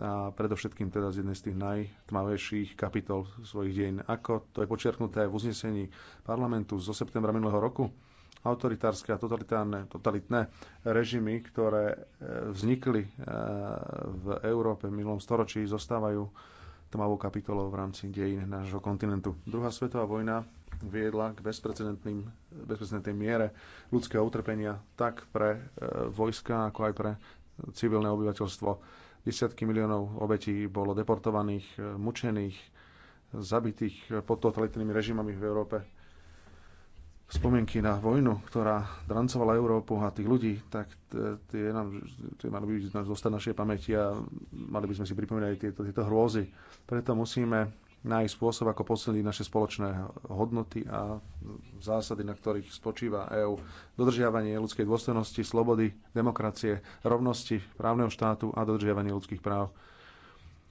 a predovšetkým teda z jednej z tých najtmavejších kapitol svojich dejín. Ako to je počiarknuté aj v uznesení parlamentu zo septembra minulého roku, autoritárske a totalitárne, totalitné režimy, ktoré e, vznikli e, v Európe v minulom storočí, zostávajú tmavou kapitolou v rámci dejín nášho kontinentu. Druhá svetová vojna viedla k bezprecedentnej miere ľudského utrpenia tak pre e, vojska, ako aj pre civilné obyvateľstvo Desiatky miliónov obetí bolo deportovaných, e, mučených, zabitých pod totalitnými režimami v Európe. Spomienky na vojnu, ktorá drancovala Európu a tých ľudí, tak tie, nám, tie mali by zostať našej pamäti a mali by sme si pripomínať tieto, tieto hrôzy. Preto musíme nájsť spôsob, ako posilniť naše spoločné hodnoty a zásady, na ktorých spočíva EÚ. Dodržiavanie ľudskej dôstojnosti, slobody, demokracie, rovnosti, právneho štátu a dodržiavanie ľudských práv.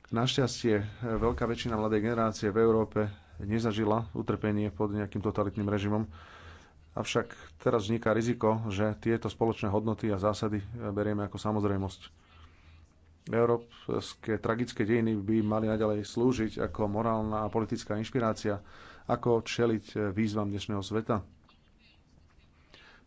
Našťastie veľká väčšina mladej generácie v Európe nezažila utrpenie pod nejakým totalitným režimom. Avšak teraz vzniká riziko, že tieto spoločné hodnoty a zásady berieme ako samozrejmosť Európske tragické dejiny by mali naďalej slúžiť ako morálna a politická inšpirácia, ako čeliť výzvam dnešného sveta.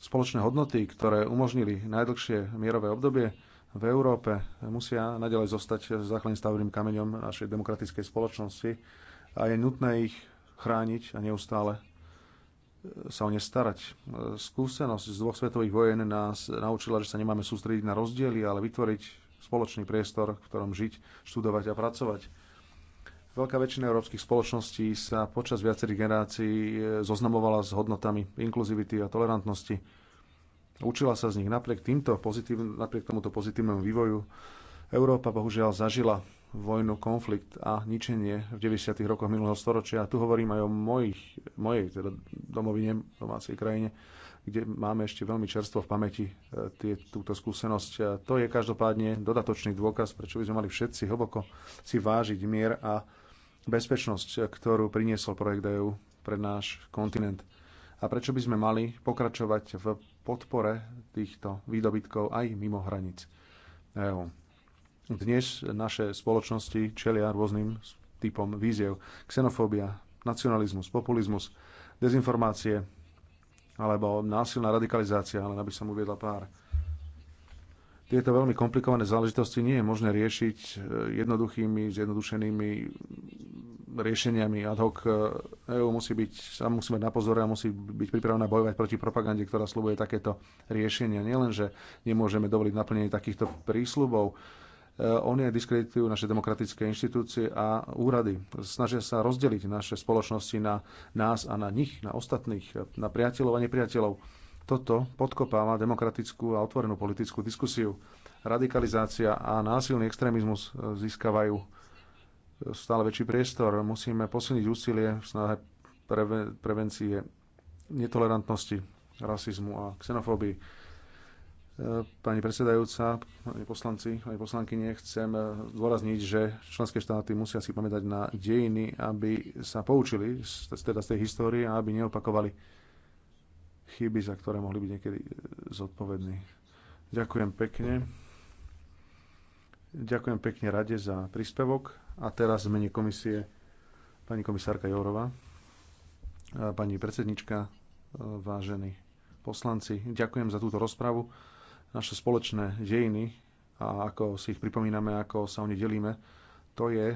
Spoločné hodnoty, ktoré umožnili najdlhšie mierové obdobie v Európe, musia naďalej zostať základným stavným kameňom našej demokratickej spoločnosti a je nutné ich chrániť a neustále sa o ne starať. Skúsenosť z dvoch svetových vojen nás naučila, že sa nemáme sústrediť na rozdiely, ale vytvoriť spoločný priestor, v ktorom žiť, študovať a pracovať. Veľká väčšina európskych spoločností sa počas viacerých generácií e, zoznamovala s hodnotami inkluzivity a tolerantnosti. Učila sa z nich napriek, týmto pozitív, napriek tomuto pozitívnemu vývoju. Európa bohužiaľ zažila vojnu, konflikt a ničenie v 90. rokoch minulého storočia. A tu hovorím aj o mojich, mojej teda domovine, domácej krajine kde máme ešte veľmi čerstvo v pamäti e, tie, túto skúsenosť. A to je každopádne dodatočný dôkaz, prečo by sme mali všetci hlboko si vážiť mier a bezpečnosť, ktorú priniesol projekt EU pre náš kontinent. A prečo by sme mali pokračovať v podpore týchto výdobytkov aj mimo hraníc EU. Dnes naše spoločnosti čelia rôznym typom víziev. Xenofóbia, nacionalizmus, populizmus, dezinformácie, alebo násilná radikalizácia, len aby som uviedla pár. Tieto veľmi komplikované záležitosti nie je možné riešiť e, jednoduchými, zjednodušenými riešeniami ad hoc. EU e musí byť, sa musí mať na pozore a musí byť pripravená bojovať proti propagande, ktorá slúbuje takéto riešenia. Nielen, že nemôžeme dovoliť naplnenie takýchto prísľubov, Eh, oni aj diskreditujú naše demokratické inštitúcie a úrady. Snažia sa rozdeliť naše spoločnosti na nás a na nich, na ostatných, eh, na priateľov a nepriateľov. Toto podkopáva demokratickú a otvorenú politickú diskusiu. Radikalizácia a násilný extrémizmus eh, získavajú stále väčší priestor. Musíme posilniť úsilie v snahe prevencie netolerantnosti, rasizmu a xenofóbii Pani predsedajúca, pani poslanci, pani poslankyne, chcem dôrazniť, že členské štáty musia si pamätať na dejiny, aby sa poučili teda z tej histórie a aby neopakovali chyby, za ktoré mohli byť niekedy zodpovední. Ďakujem pekne. Ďakujem pekne Rade za príspevok. A teraz v mene komisie pani komisárka Jourova, pani predsednička, vážení poslanci. Ďakujem za túto rozpravu naše spoločné dejiny a ako si ich pripomíname, ako sa o ne delíme, to je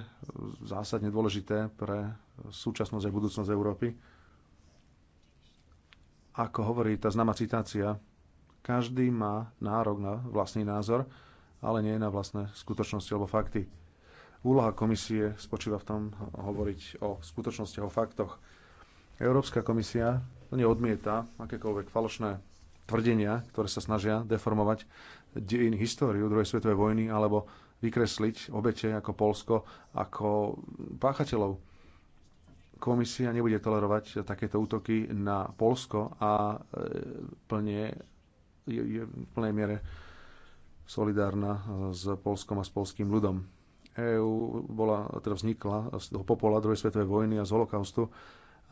zásadne dôležité pre súčasnosť a budúcnosť Európy. Ako hovorí tá známa citácia, každý má nárok na vlastný názor, ale nie na vlastné skutočnosti alebo fakty. Úloha komisie spočíva v tom hovoriť o skutočnosti o faktoch. Európska komisia neodmieta akékoľvek falošné tvrdenia, ktoré sa snažia deformovať dejin históriu druhej svetovej vojny alebo vykresliť obete ako Polsko, ako páchateľov. Komisia nebude tolerovať takéto útoky na Polsko a e, plne, je, je v plnej miere solidárna s Polskom a s polským ľudom. EÚ bola, teda vznikla z toho popola druhej svetovej vojny a z holokaustu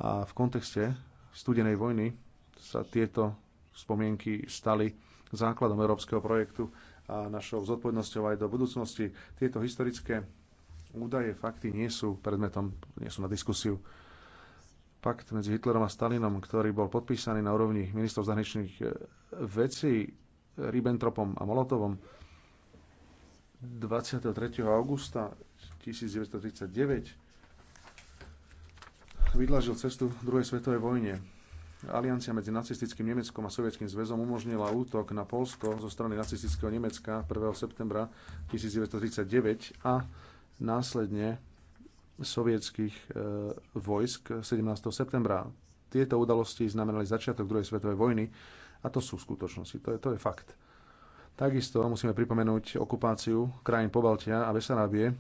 a v kontexte studenej vojny sa tieto spomienky stali základom európskeho projektu a našou zodpovednosťou aj do budúcnosti. Tieto historické údaje, fakty nie sú predmetom, nie sú na diskusiu. Pakt medzi Hitlerom a Stalinom, ktorý bol podpísaný na úrovni ministrov zahraničných e, vecí Ribbentropom a Molotovom 23. augusta 1939, vydlažil cestu druhej svetovej vojne Aliancia medzi nacistickým Nemeckom a Sovietským zväzom umožnila útok na Polsko zo strany nacistického Nemecka 1. septembra 1939 a následne sovietských e, vojsk 17. septembra. Tieto udalosti znamenali začiatok druhej svetovej vojny a to sú skutočnosti, to je, to je fakt. Takisto musíme pripomenúť okupáciu krajín Pobaltia a Besarábie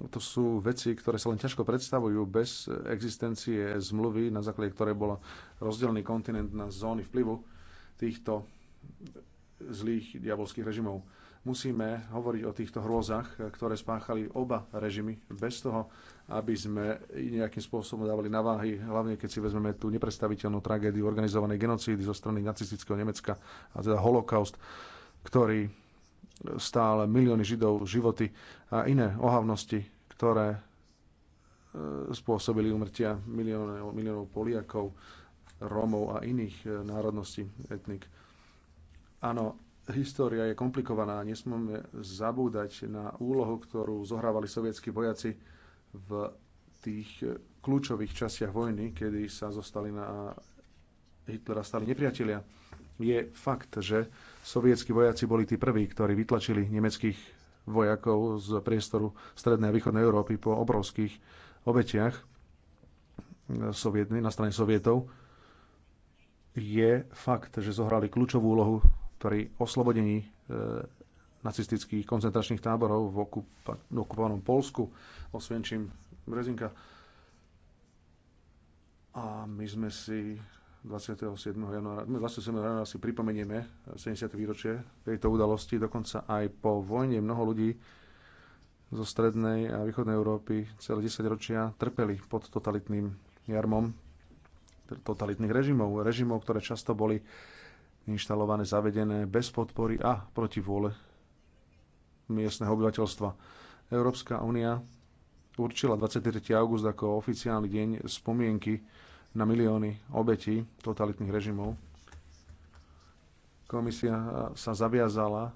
to sú veci, ktoré sa len ťažko predstavujú bez existencie zmluvy, na základe ktorej bol rozdelený kontinent na zóny vplyvu týchto zlých diabolských režimov. Musíme hovoriť o týchto hrôzach, ktoré spáchali oba režimy, bez toho, aby sme nejakým spôsobom dávali na váhy, hlavne keď si vezmeme tú nepredstaviteľnú tragédiu organizovanej genocídy zo strany nacistického Nemecka, a teda holokaust, ktorý stále milióny Židov, životy a iné ohavnosti, ktoré e, spôsobili umrtia miliónov, miliónov Poliakov, Rómov a iných e, národností, etnik. Áno, história je komplikovaná. Nesmieme zabúdať na úlohu, ktorú zohrávali sovietskí vojaci v tých e, kľúčových častiach vojny, kedy sa zostali na Hitlera stali nepriatelia je fakt, že sovietskí vojaci boli tí prví, ktorí vytlačili nemeckých vojakov z priestoru Strednej a Východnej Európy po obrovských obetiach na strane Sovietov. Je fakt, že zohrali kľúčovú úlohu pri oslobodení e, nacistických koncentračných táborov v, okupa- v okupovanom Polsku, osvienčím Brezinka. A my sme si 27. januára, 27. No, januára si pripomenieme 70. výročie tejto udalosti. Dokonca aj po vojne mnoho ľudí zo strednej a východnej Európy celé 10 ročia trpeli pod totalitným jarmom totalitných režimov. Režimov, ktoré často boli inštalované, zavedené bez podpory a proti vôle miestneho obyvateľstva. Európska únia určila 23. august ako oficiálny deň spomienky na milióny obetí totalitných režimov. Komisia sa zaviazala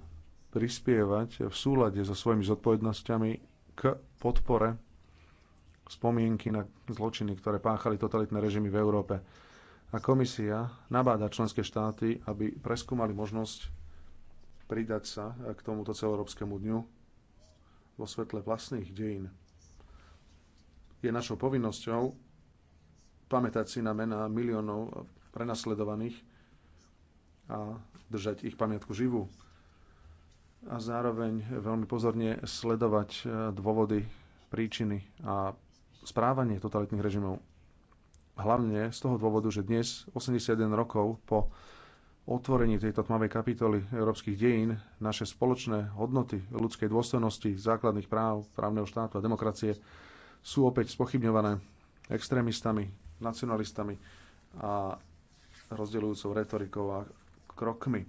prispievať v súlade so svojimi zodpovednosťami k podpore spomienky na zločiny, ktoré páchali totalitné režimy v Európe. A komisia nabáda členské štáty, aby preskúmali možnosť pridať sa k tomuto celoeurópskemu dňu vo svetle vlastných dejín. Je našou povinnosťou pamätať si na mená miliónov prenasledovaných a držať ich pamiatku živú. A zároveň veľmi pozorne sledovať e, dôvody, príčiny a správanie totalitných režimov. Hlavne z toho dôvodu, že dnes, 81 rokov po otvorení tejto tmavej kapitoly európskych dejín, naše spoločné hodnoty ľudskej dôstojnosti, základných práv, právneho štátu a demokracie sú opäť spochybňované extrémistami, nacionalistami a rozdeľujúcou retorikou a krokmi.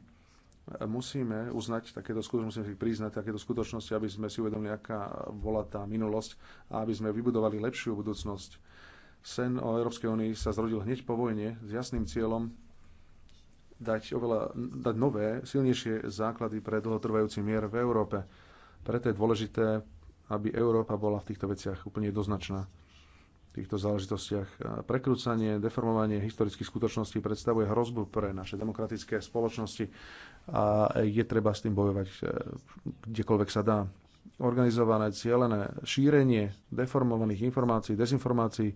Musíme uznať takéto skutočnosti, musíme si priznať takéto skutočnosti, aby sme si uvedomili, aká bola tá minulosť a aby sme vybudovali lepšiu budúcnosť. Sen o Európskej únii sa zrodil hneď po vojne s jasným cieľom dať, oveľa, dať nové, silnejšie základy pre dlhotrvajúci mier v Európe. Preto je dôležité, aby Európa bola v týchto veciach úplne jednoznačná týchto záležitostiach. Prekrúcanie, deformovanie historických skutočností predstavuje hrozbu pre naše demokratické spoločnosti a je treba s tým bojovať e, kdekoľvek sa dá. Organizované, cieľené šírenie deformovaných informácií, dezinformácií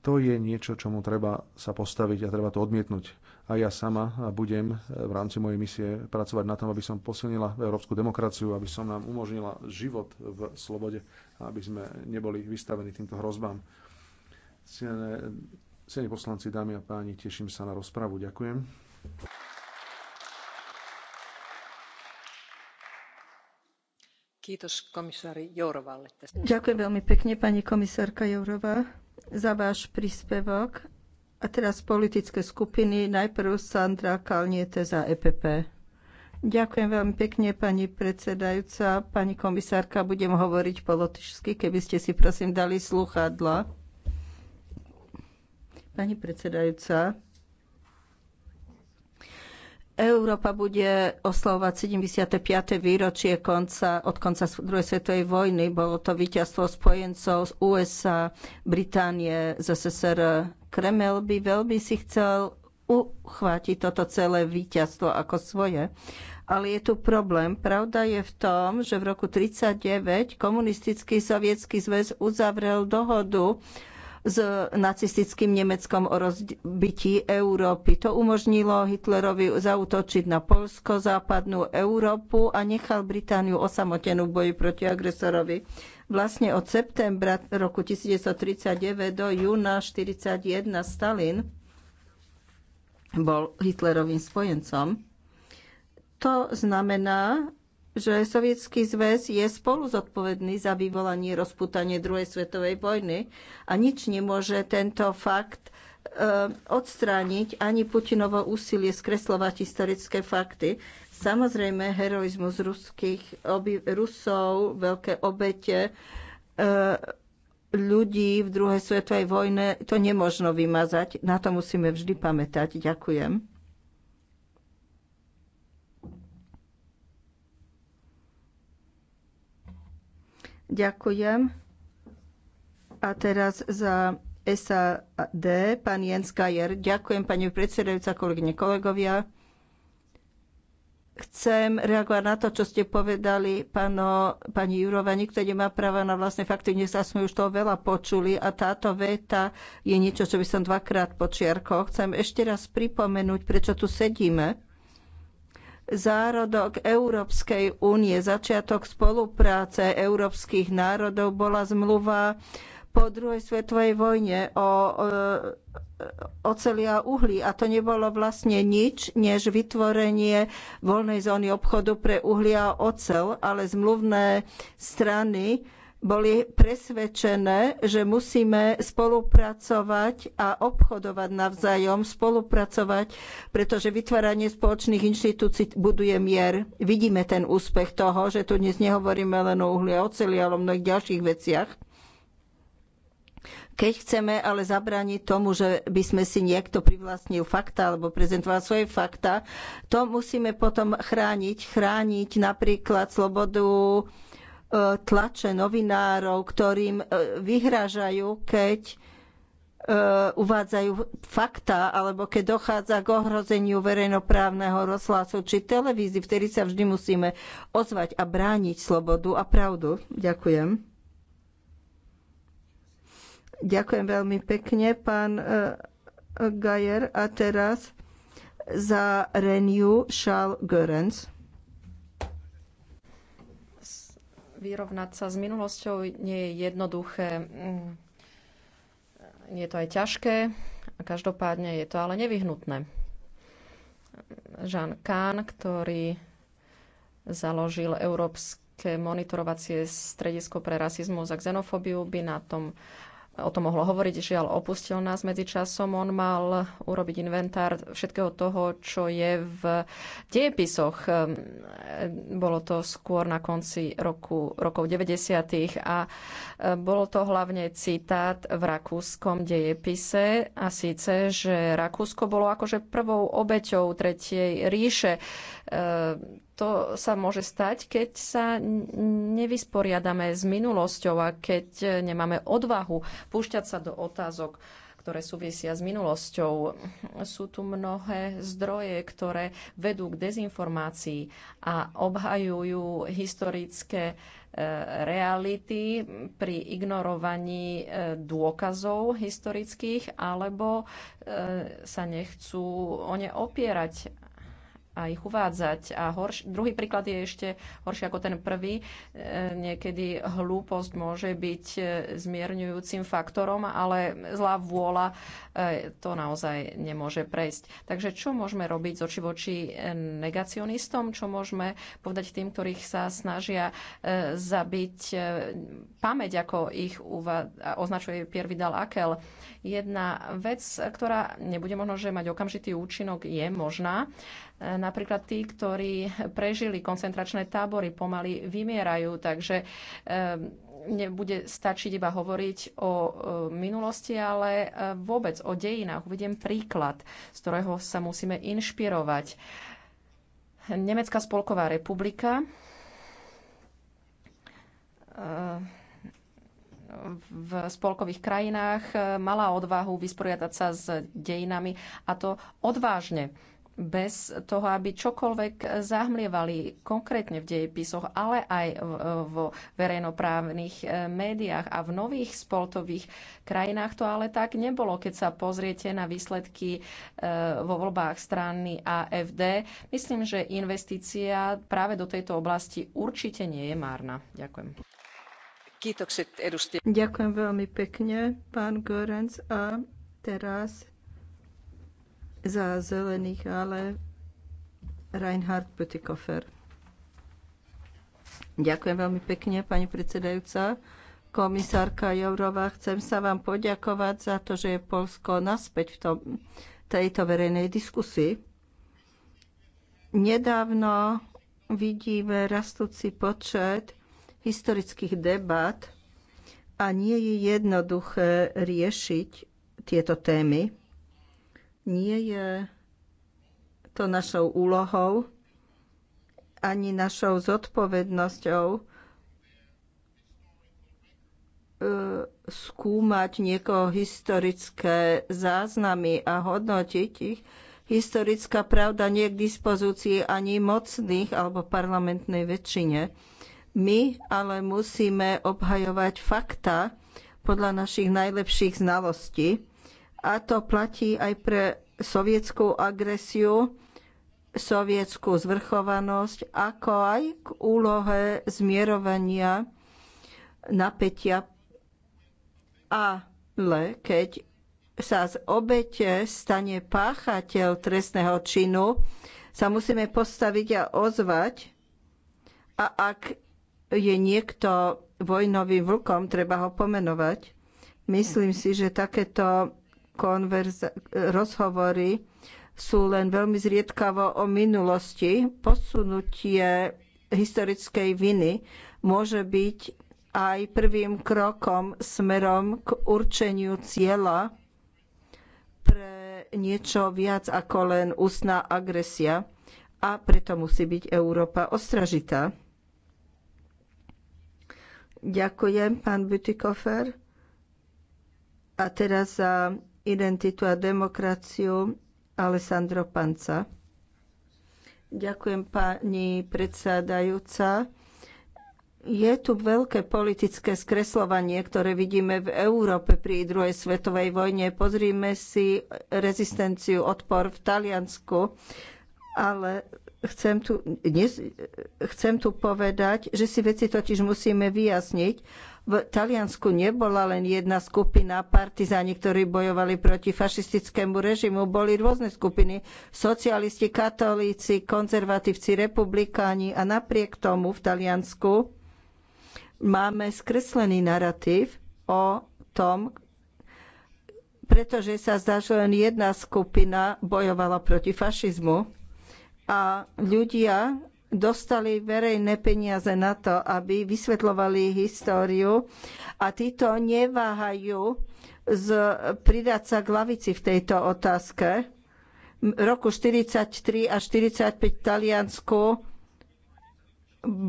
to je niečo, čomu treba sa postaviť a treba to odmietnúť. A ja sama budem v rámci mojej misie pracovať na tom, aby som posilnila európsku demokraciu, aby som nám umožnila život v slobode a aby sme neboli vystavení týmto hrozbám. Cene poslanci, dámy a páni, teším sa na rozpravu. Ďakujem. Ďakujem veľmi pekne, pani komisárka Jourová za váš príspevok. A teraz politické skupiny. Najprv Sandra Kalniete za EPP. Ďakujem veľmi pekne, pani predsedajúca. Pani komisárka, budem hovoriť po lotyšsky, keby ste si prosím dali slúchadla. Pani predsedajúca, Európa bude oslavovať 75. výročie konca, od konca druhej svetovej vojny. Bolo to víťazstvo spojencov z USA, Británie, ZSSR. Kreml by veľmi si chcel uchvátiť toto celé víťazstvo ako svoje. Ale je tu problém. Pravda je v tom, že v roku 1939 komunistický sovietský zväz uzavrel dohodu s nacistickým Nemeckom o rozbití Európy. To umožnilo Hitlerovi zautočiť na Polsko, západnú Európu a nechal Britániu osamotenú v boji proti agresorovi. Vlastne od septembra roku 1939 do júna 1941 Stalin bol Hitlerovým spojencom. To znamená, že Sovietský zväz je spolu zodpovedný za vyvolanie rozputanie druhej svetovej vojny a nič nemôže tento fakt e, odstrániť ani Putinovo úsilie skreslovať historické fakty. Samozrejme, heroizmus ruských oby, Rusov, veľké obete e, ľudí v druhej svetovej vojne, to nemožno vymazať. Na to musíme vždy pamätať. Ďakujem. Ďakujem. A teraz za SAD, pán Jens Kajer. Ďakujem, pani predsedajúca, kolegyne, kolegovia. Chcem reagovať na to, čo ste povedali, pano, pani Jurova. Nikto nemá práva na vlastné fakty. Dnes sme už toho veľa počuli a táto veta je niečo, čo by som dvakrát počiarkol. Chcem ešte raz pripomenúť, prečo tu sedíme zárodok Európskej únie, začiatok spolupráce európskych národov bola zmluva po druhej svetovej vojne o e, oceli a uhlí. A to nebolo vlastne nič, než vytvorenie voľnej zóny obchodu pre uhlie a ocel, ale zmluvné strany boli presvedčené, že musíme spolupracovať a obchodovať navzájom, spolupracovať, pretože vytváranie spoločných inštitúcií buduje mier. Vidíme ten úspech toho, že tu dnes nehovoríme len o uhli a oceli, ale o mnohých ďalších veciach. Keď chceme ale zabrániť tomu, že by sme si niekto privlastnil fakta alebo prezentoval svoje fakta, to musíme potom chrániť. Chrániť napríklad slobodu tlače novinárov, ktorým e, vyhražajú, keď e, uvádzajú fakta, alebo keď dochádza k ohrozeniu verejnoprávneho rozhlasu či televízii, vtedy sa vždy musíme ozvať a brániť slobodu a pravdu. Ďakujem. Ďakujem veľmi pekne, pán e, Gajer. A teraz za Renew Charles Görens. Vyrovnať sa s minulosťou nie je jednoduché. Mm. Je to aj ťažké a každopádne je to ale nevyhnutné. Jean Kahn, ktorý založil Európske monitorovacie stredisko pre rasizmus a xenofóbiu, by na tom o tom mohlo hovoriť, žiaľ opustil nás medzičasom. On mal urobiť inventár všetkého toho, čo je v dejepisoch. Ehm, bolo to skôr na konci roku, rokov 90. a ehm, bolo to hlavne citát v rakúskom dejepise a síce, že Rakúsko bolo akože prvou obeťou Tretej ríše ehm, to sa môže stať, keď sa nevysporiadame s minulosťou a keď e, nemáme odvahu púšťať sa do otázok, ktoré súvisia s minulosťou. Sú tu mnohé zdroje, ktoré vedú k dezinformácii a obhajujú historické e, reality pri ignorovaní e, dôkazov historických alebo sa nechcú o ne opierať a ich uvádzať. A horš- druhý príklad je ešte horší ako ten prvý. E, niekedy hlúposť môže byť e, zmierňujúcim faktorom, ale zlá vôľa e, to naozaj nemôže prejsť. Takže čo môžeme robiť z oči voči negacionistom? Čo môžeme povedať tým, ktorých sa snažia zabiť pamäť, ako ich označuje Pierre Vidal Akel? Jedna vec, ktorá nebude možno, že mať okamžitý účinok, je možná Napríklad tí, ktorí prežili koncentračné tábory, pomaly vymierajú, takže ehm, nebude stačiť iba hovoriť o e, minulosti, ale e, vôbec o dejinách. Uvediem príklad, z ktorého sa musíme inšpirovať. Nemecká spolková republika e, v spolkových krajinách mala odvahu vysporiadať sa s dejinami a to odvážne bez toho, aby čokoľvek zahmlievali konkrétne v dejepisoch, ale aj vo verejnoprávnych eh, médiách a v nových spoltových krajinách to ale tak nebolo. Keď sa pozriete na výsledky eh, vo voľbách strany AFD, myslím, že investícia práve do tejto oblasti určite nie je márna. Ďakujem. Ďakujem veľmi pekne, pán Gorenc. A teraz za zelených, ale Reinhard Pötikofer. Ďakujem veľmi pekne, pani predsedajúca. Komisárka Jourová, chcem sa vám poďakovať za to, že je Polsko naspäť v tom, tejto verejnej diskusii. Nedávno vidíme rastúci počet historických debat a nie je jednoduché riešiť tieto témy. Nie je to našou úlohou ani našou zodpovednosťou e, skúmať niekoho historické záznamy a hodnotiť ich. Historická pravda nie je k dispozícii ani mocných alebo parlamentnej väčšine. My ale musíme obhajovať fakta podľa našich najlepších znalostí a to platí aj pre sovietskú agresiu, sovietskú zvrchovanosť, ako aj k úlohe zmierovania napätia. Ale keď sa z obete stane páchateľ trestného činu, sa musíme postaviť a ozvať. A ak je niekto vojnovým vlkom, treba ho pomenovať. Myslím si, že takéto konverza- rozhovory sú len veľmi zriedkavo o minulosti. Posunutie historickej viny môže byť aj prvým krokom smerom k určeniu cieľa pre niečo viac ako len ústná agresia a preto musí byť Európa ostražitá. Ďakujem, pán Butikofer. A teraz za identitu a demokraciu Alessandro Panca. Ďakujem pani predsedajúca. Je tu veľké politické skreslovanie, ktoré vidíme v Európe pri druhej svetovej vojne. Pozrime si rezistenciu, odpor v Taliansku, ale chcem tu, chcem tu povedať, že si veci totiž musíme vyjasniť v Taliansku nebola len jedna skupina partizáni, ktorí bojovali proti fašistickému režimu. Boli rôzne skupiny, socialisti, katolíci, konzervatívci, republikáni a napriek tomu v Taliansku máme skreslený narratív o tom, pretože sa zdá, že len jedna skupina bojovala proti fašizmu a ľudia dostali verejné peniaze na to, aby vysvetľovali históriu a títo neváhajú z, pridať sa k lavici v tejto otázke. V roku 43 a 45 v Taliansku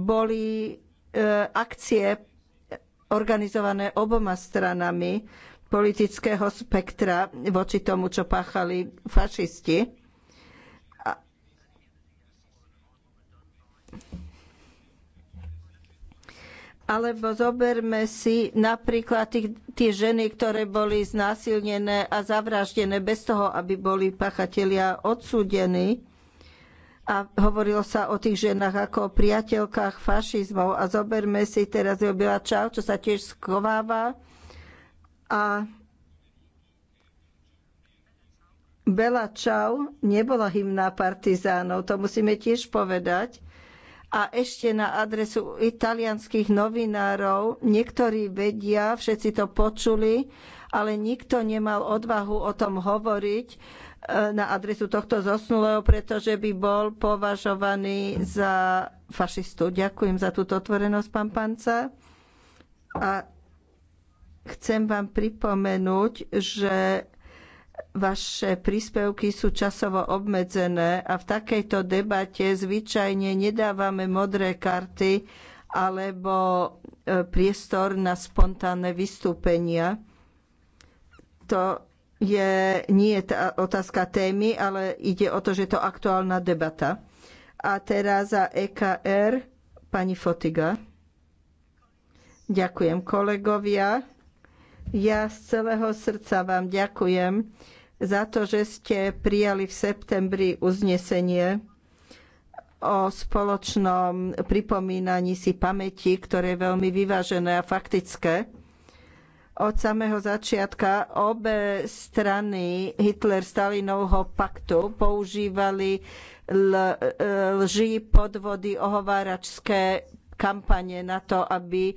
boli e, akcie organizované oboma stranami politického spektra voči tomu, čo páchali fašisti Alebo zoberme si napríklad tých, tie ženy, ktoré boli znásilnené a zavraždené bez toho, aby boli pachatelia odsúdení. A hovorilo sa o tých ženách ako o priateľkách fašizmov. A zoberme si teraz Jobila Čau, čo sa tiež schováva. A Bela Čau nebola hymna partizánov, to musíme tiež povedať a ešte na adresu italianských novinárov, niektorí vedia, všetci to počuli, ale nikto nemal odvahu o tom hovoriť e, na adresu tohto zosnulého, pretože by bol považovaný za fašistu. Ďakujem za túto otvorenosť, pán Panca. A chcem vám pripomenúť, že vaše príspevky sú časovo obmedzené a v takejto debate zvyčajne nedávame modré karty alebo e, priestor na spontánne vystúpenia. To je nie tá otázka témy, ale ide o to, že je to aktuálna debata. A teraz za EKR pani Fotiga. Ďakujem kolegovia. Ja z celého srdca vám ďakujem za to, že ste prijali v septembri uznesenie o spoločnom pripomínaní si pamäti, ktoré je veľmi vyvážené a faktické. Od samého začiatka obe strany Hitler-Stalinovho paktu používali e, lži, podvody, ohováračské kampane na to, aby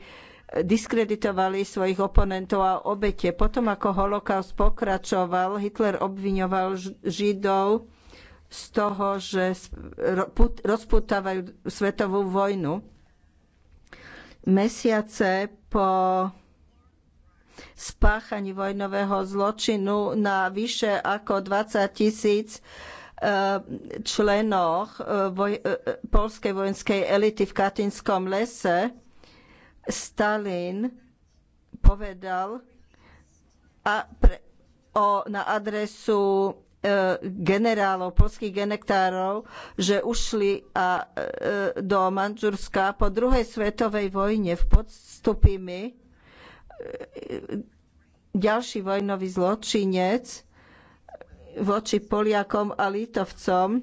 diskreditovali svojich oponentov a obete. Potom, ako holokaust pokračoval, Hitler obviňoval Židov z toho, že rozputávajú svetovú vojnu. Mesiace po spáchaní vojnového zločinu na vyše ako 20 tisíc e, členoch e, e, polskej vojenskej elity v Katinskom lese Stalin povedal a pre, o, na adresu e, generálov, polských genektárov, že ušli a, e, do Manžurska po druhej svetovej vojne v podstupimi e, ďalší vojnový zločinec voči Poliakom a Litovcom e,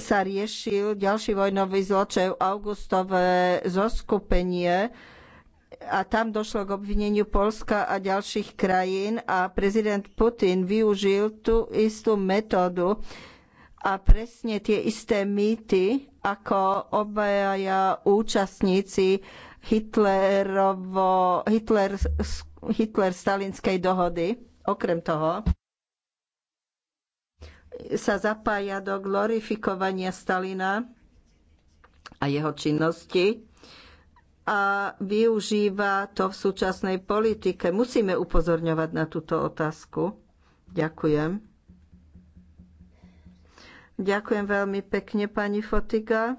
sa riešil ďalší vojnový zločin, augustové zoskupenie a tam došlo k obvineniu Polska a ďalších krajín a prezident Putin využil tú istú metódu a presne tie isté mýty, ako obaja účastníci Hitlerovo, Hitler, Hitler-Stalinskej dohody. Okrem toho, sa zapája do glorifikovania Stalina a jeho činnosti a využíva to v súčasnej politike. Musíme upozorňovať na túto otázku. Ďakujem. Ďakujem veľmi pekne, pani Fotiga.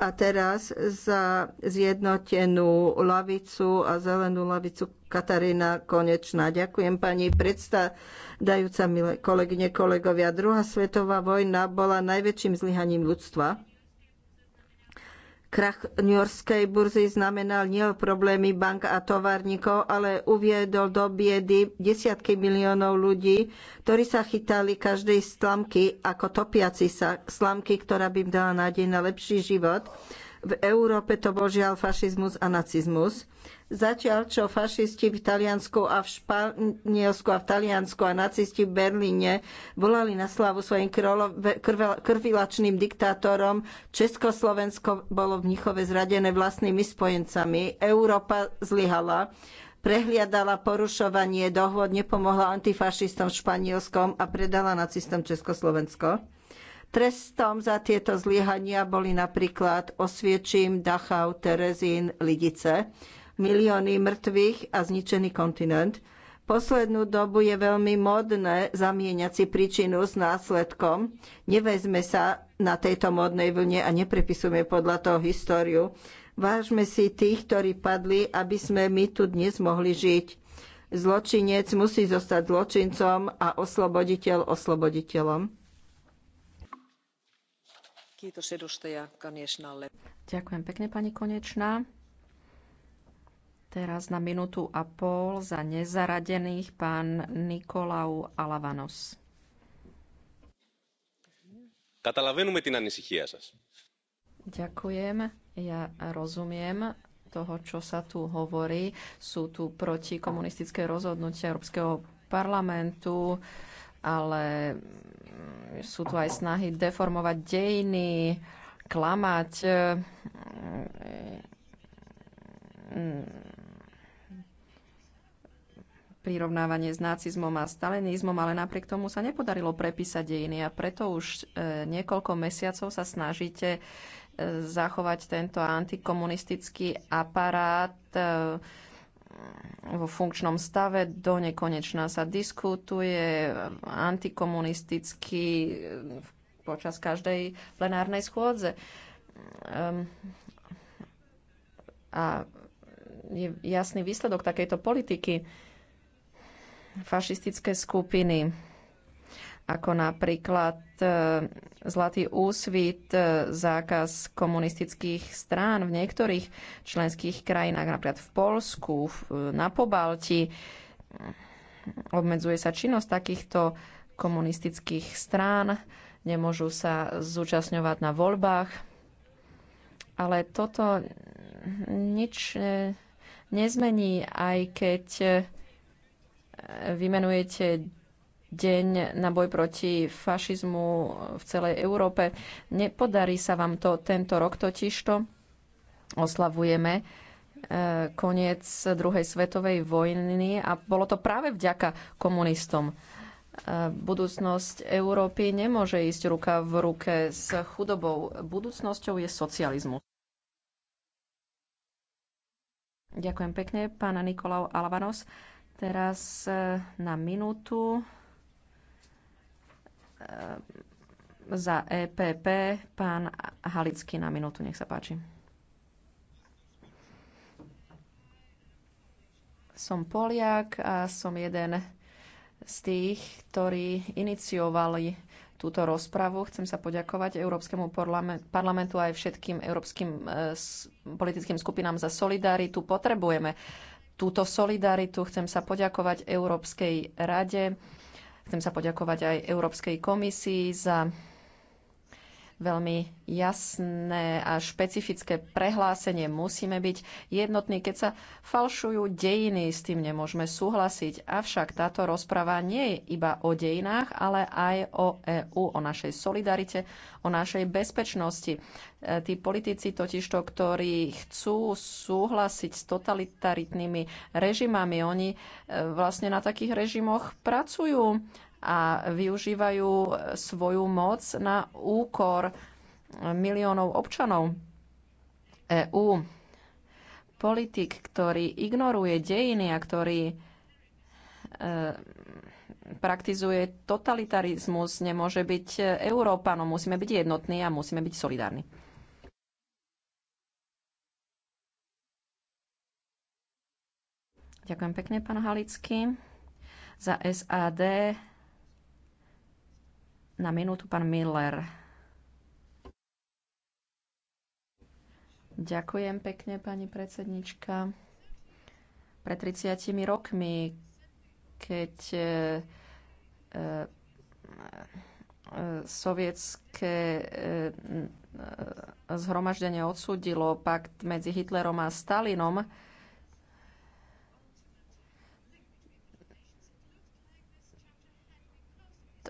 A teraz za zjednotenú lavicu a zelenú lavicu Katarína Konečná. Ďakujem pani predstadajúca, milé kolegyne, kolegovia. Druhá svetová vojna bola najväčším zlyhaním ľudstva. Krach New Yorkskej burzy znamenal nie problémy bank a továrnikov, ale uviedol do biedy desiatky miliónov ľudí, ktorí sa chytali každej slamky ako topiaci sa slamky, ktorá by im dala nádej na lepší život. V Európe to bol žiaľ fašizmus a nacizmus Zatiaľ, čo fašisti v Taliansku a v Španielsku a v Taliansku a nacisti v Berlíne volali na slavu svojim krvilačným diktátorom, Československo bolo v Mnichove zradené vlastnými spojencami. Európa zlyhala prehliadala porušovanie dohôd, nepomohla antifašistom v španielskom a predala nacistom Československo. Trestom za tieto zlyhania boli napríklad Osviečím, Dachau, Terezín, Lidice milióny mŕtvych a zničený kontinent. Poslednú dobu je veľmi modné zamieňať si príčinu s následkom. Nevezme sa na tejto modnej vlne a neprepisujme podľa toho históriu. Vážme si tých, ktorí padli, aby sme my tu dnes mohli žiť. Zločinec musí zostať zločincom a osloboditeľ osloboditeľom. Ďakujem pekne, pani Konečná. Teraz na minútu a pol za nezaradených pán Nikolau Alavanos. Καταλαβαίνουμε την ανησυχία σας. Ďakujem. Ja rozumiem toho, čo sa tu hovorí. Sú tu proti komunistické rozhodnutia Európskeho parlamentu, ale sú tu aj snahy deformovať dejiny, klamať prirovnávanie s nacizmom a stalinizmom, ale napriek tomu sa nepodarilo prepísať dejiny a preto už e, niekoľko mesiacov sa snažíte e, zachovať tento antikomunistický aparát e, vo funkčnom stave, do nekonečna sa diskutuje antikomunisticky počas každej plenárnej schôdze. Ehm, a je jasný výsledok takejto politiky fašistické skupiny, ako napríklad e, Zlatý úsvit, e, zákaz komunistických strán v niektorých členských krajinách, napríklad v Polsku, na Pobalti. Obmedzuje sa činnosť takýchto komunistických strán, nemôžu sa zúčastňovať na voľbách. Ale toto nič e, nezmení, aj keď vymenujete deň na boj proti fašizmu v celej Európe. Nepodarí sa vám to tento rok totižto. Oslavujeme eh, koniec druhej svetovej vojny a bolo to práve vďaka komunistom. Eh, budúcnosť Európy nemôže ísť ruka v ruke s chudobou. Budúcnosťou je socializmus. Ďakujem pekne, pána Nikolau Alvanos. Teraz e, na minútu e, za EPP pán Halický na minútu, nech sa páči. Som Poliak a som jeden z tých, ktorí iniciovali túto rozpravu. Chcem sa poďakovať Európskemu parlamentu aj všetkým európskym e, politickým skupinám za solidaritu. Potrebujeme túto solidaritu. Chcem sa poďakovať Európskej rade, chcem sa poďakovať aj Európskej komisii za veľmi jasné a špecifické prehlásenie. Musíme byť jednotní, keď sa falšujú dejiny, s tým nemôžeme súhlasiť. Avšak táto rozpráva nie je iba o dejinách, ale aj o EÚ, o našej solidarite, o našej bezpečnosti. E, tí politici totižto, ktorí chcú súhlasiť s totalitaritnými režimami, oni e, vlastne na takých režimoch pracujú a využívajú eh, svoju moc na úkor eh, miliónov občanov EÚ. Politik, ktorý ignoruje dejiny a ktorý e, praktizuje totalitarizmus, nemôže byť Európanom. Musíme byť jednotní a musíme byť solidárni. Ďakujem pekne, pán Halický. Za SAD na minútu pán Miller. Ďakujem pekne, pani predsednička. Pred 30 rokmi, keď e, e, sovietské e, e, zhromaždenie odsúdilo pakt medzi Hitlerom a Stalinom,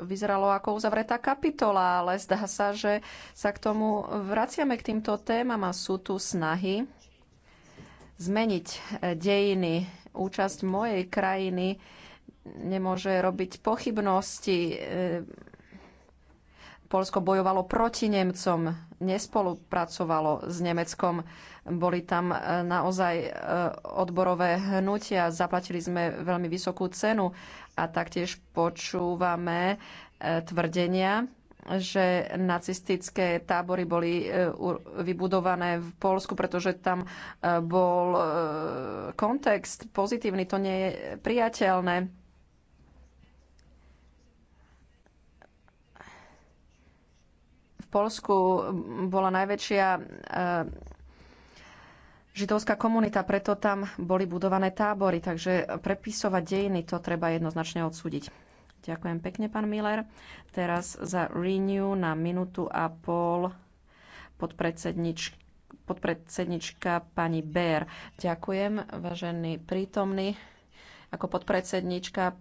vyzeralo ako uzavretá kapitola, ale zdá sa, že sa k tomu vraciame k týmto témam a sú tu snahy zmeniť eh, dejiny. Účasť mojej krajiny nemôže robiť pochybnosti. Eh, Polsko bojovalo proti Nemcom, nespolupracovalo s Nemeckom. Boli tam eh, naozaj odborové hnutia, zaplatili sme veľmi vysokú cenu a taktiež počúvame e, tvrdenia, že nacistické tábory boli e, vybudované v Polsku, pretože tam e, bol kontext pozitívny. To nie je priateľné. V Polsku bola najväčšia židovská komunita, preto tam boli budované tábory, takže prepisovať dejiny to treba jednoznačne odsúdiť. Ďakujem pekne, pán Miller. Teraz za Renew na minútu a pol podpredsednič, podpredsednička pani Bér. Ďakujem, vážený prítomný. Ako podpredsednička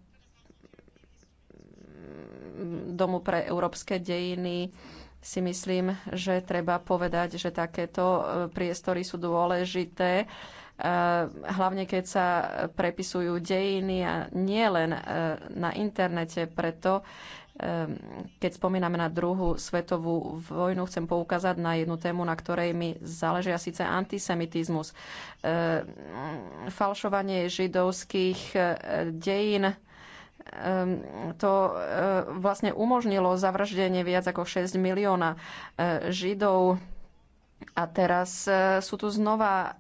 Domu pre európske dejiny si myslím, že treba povedať, že takéto e, priestory sú dôležité, e, hlavne keď sa prepisujú dejiny a nie len e, na internete. Preto, keď spomíname na druhú svetovú vojnu, chcem poukázať na jednu tému, na ktorej mi záležia síce antisemitizmus. Falšovanie židovských dejín Ehm, to e, vlastne umožnilo zavraždenie viac ako 6 milióna e, Židov. A teraz e, sú tu znova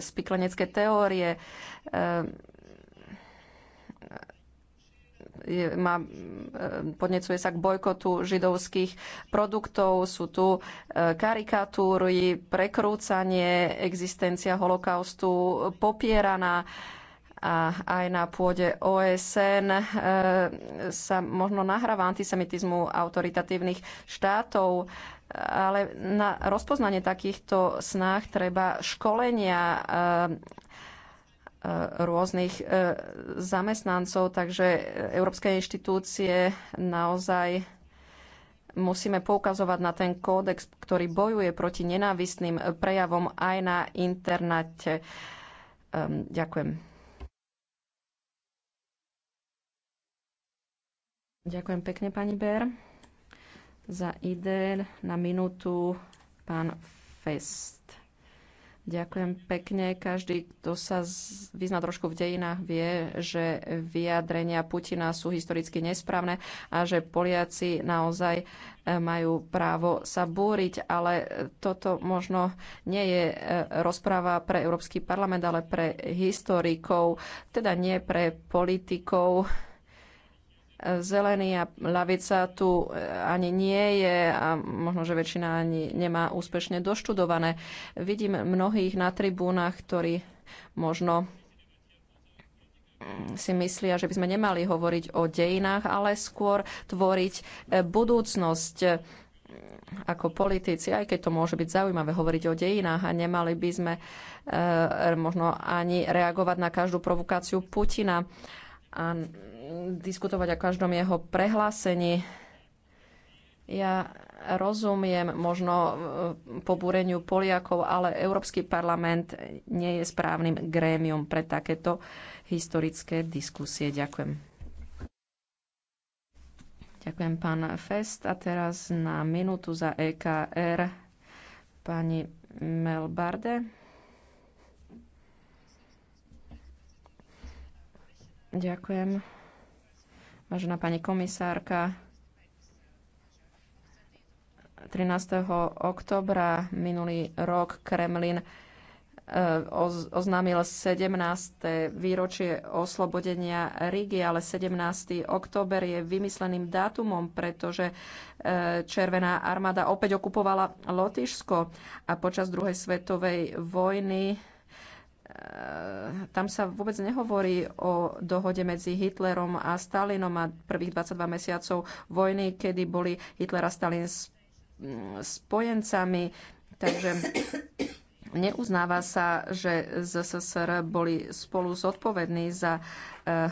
spiklenecké teórie. Ehm, má, podnecuje sa k bojkotu židovských produktov, sú tu karikatúry, prekrúcanie, existencia holokaustu popieraná a aj na pôde OSN e, eh, sa možno nahráva antisemitizmu autoritatívnych štátov, ale na rozpoznanie takýchto snách treba školenia e, rôznych zamestnancov, takže európske inštitúcie naozaj musíme poukazovať na ten kódex, ktorý bojuje proti nenávistným prejavom aj na internete. Ehm, ďakujem. Ďakujem pekne, pani Ber. Za ide na minútu pán Fest. Ďakujem pekne. Každý, kto sa vyzna trošku v dejinách, vie, že vyjadrenia Putina sú historicky nesprávne a že Poliaci naozaj eh, majú právo sa búriť, ale toto možno nie je eh, rozpráva pre Európsky parlament, ale pre historikov, teda nie pre politikov Zelený a lavica tu eh, ani nie je a možno, že väčšina ani nemá úspešne doštudované. Vidím mnohých na tribúnach, ktorí možno mm, si myslia, že by sme nemali hovoriť o dejinách, ale skôr tvoriť eh, budúcnosť eh, ako politici, aj keď to môže byť zaujímavé hovoriť o dejinách a nemali by sme e, možno ani reagovať na každú provokáciu Putina. A diskutovať o každom jeho prehlásení. Ja rozumiem možno e, pobúreniu Poliakov, ale Európsky parlament nie je správnym grémium pre takéto historické diskusie. Ďakujem. Ďakujem, pán Fest. A teraz na minútu za EKR pani Melbarde. Ďakujem. Vážená pani komisárka, 13. oktobra minulý rok Kremlin e, oznámil 17. výročie oslobodenia Rigi, ale 17. október je vymysleným dátumom, pretože e, Červená armáda opäť okupovala Lotyšsko a počas druhej svetovej vojny tam sa vôbec nehovorí o dohode medzi Hitlerom a Stalinom a prvých 22 mesiacov vojny, kedy boli Hitler a Stalin spojencami. Takže neuznáva sa, že ZSSR boli spolu zodpovední za e,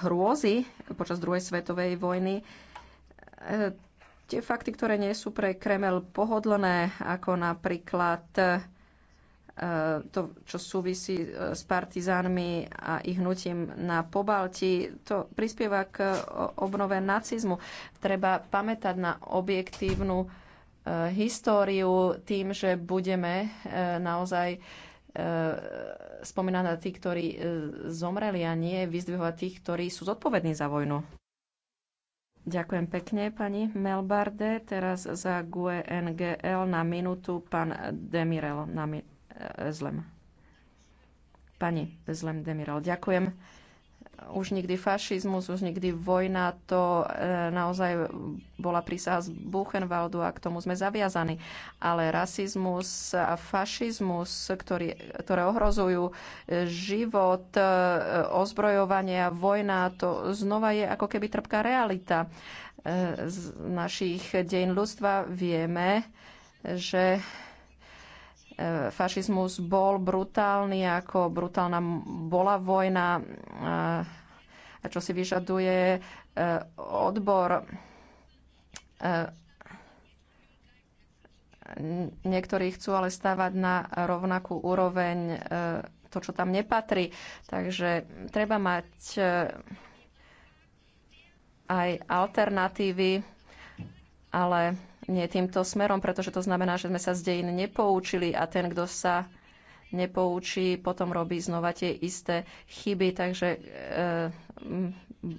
hrôzy počas druhej svetovej vojny e, tie fakty, ktoré nie sú pre Kreml pohodlné, ako napríklad E, to, čo súvisí e, s partizánmi a ich hnutím na Pobalti, to prispieva k e, obnove nacizmu. Treba pamätať na objektívnu históriu tým, že budeme naozaj spomínať na tých, ktorí zomreli a nie vyzdvihovať tých, ktorí sú zodpovední za vojnu. Ďakujem pekne, pani Melbarde. Teraz za GUE NGL na minútu pán Demirel na minútu. Özlem. Pani Bezlem Demiral, ďakujem. Už nikdy fašizmus, už nikdy vojna, to e, naozaj bola prísaha z Buchenwaldu a k tomu sme zaviazaní. Ale rasizmus a fašizmus, ktorý, ktoré ohrozujú e, život, e, ozbrojovanie a vojna, to znova je ako keby trpká realita. Z našich dejín ľudstva vieme, že fašizmus bol brutálny, ako brutálna bola vojna, a čo si vyžaduje e, odbor e, niektorí chcú ale stávať na rovnakú úroveň e, to, čo tam nepatrí. Takže treba mať aj alternatívy, ale nie týmto smerom, pretože to znamená, že sme sa z dejín nepoučili a ten, kto sa nepoučí, potom robí znova tie isté chyby. Takže e,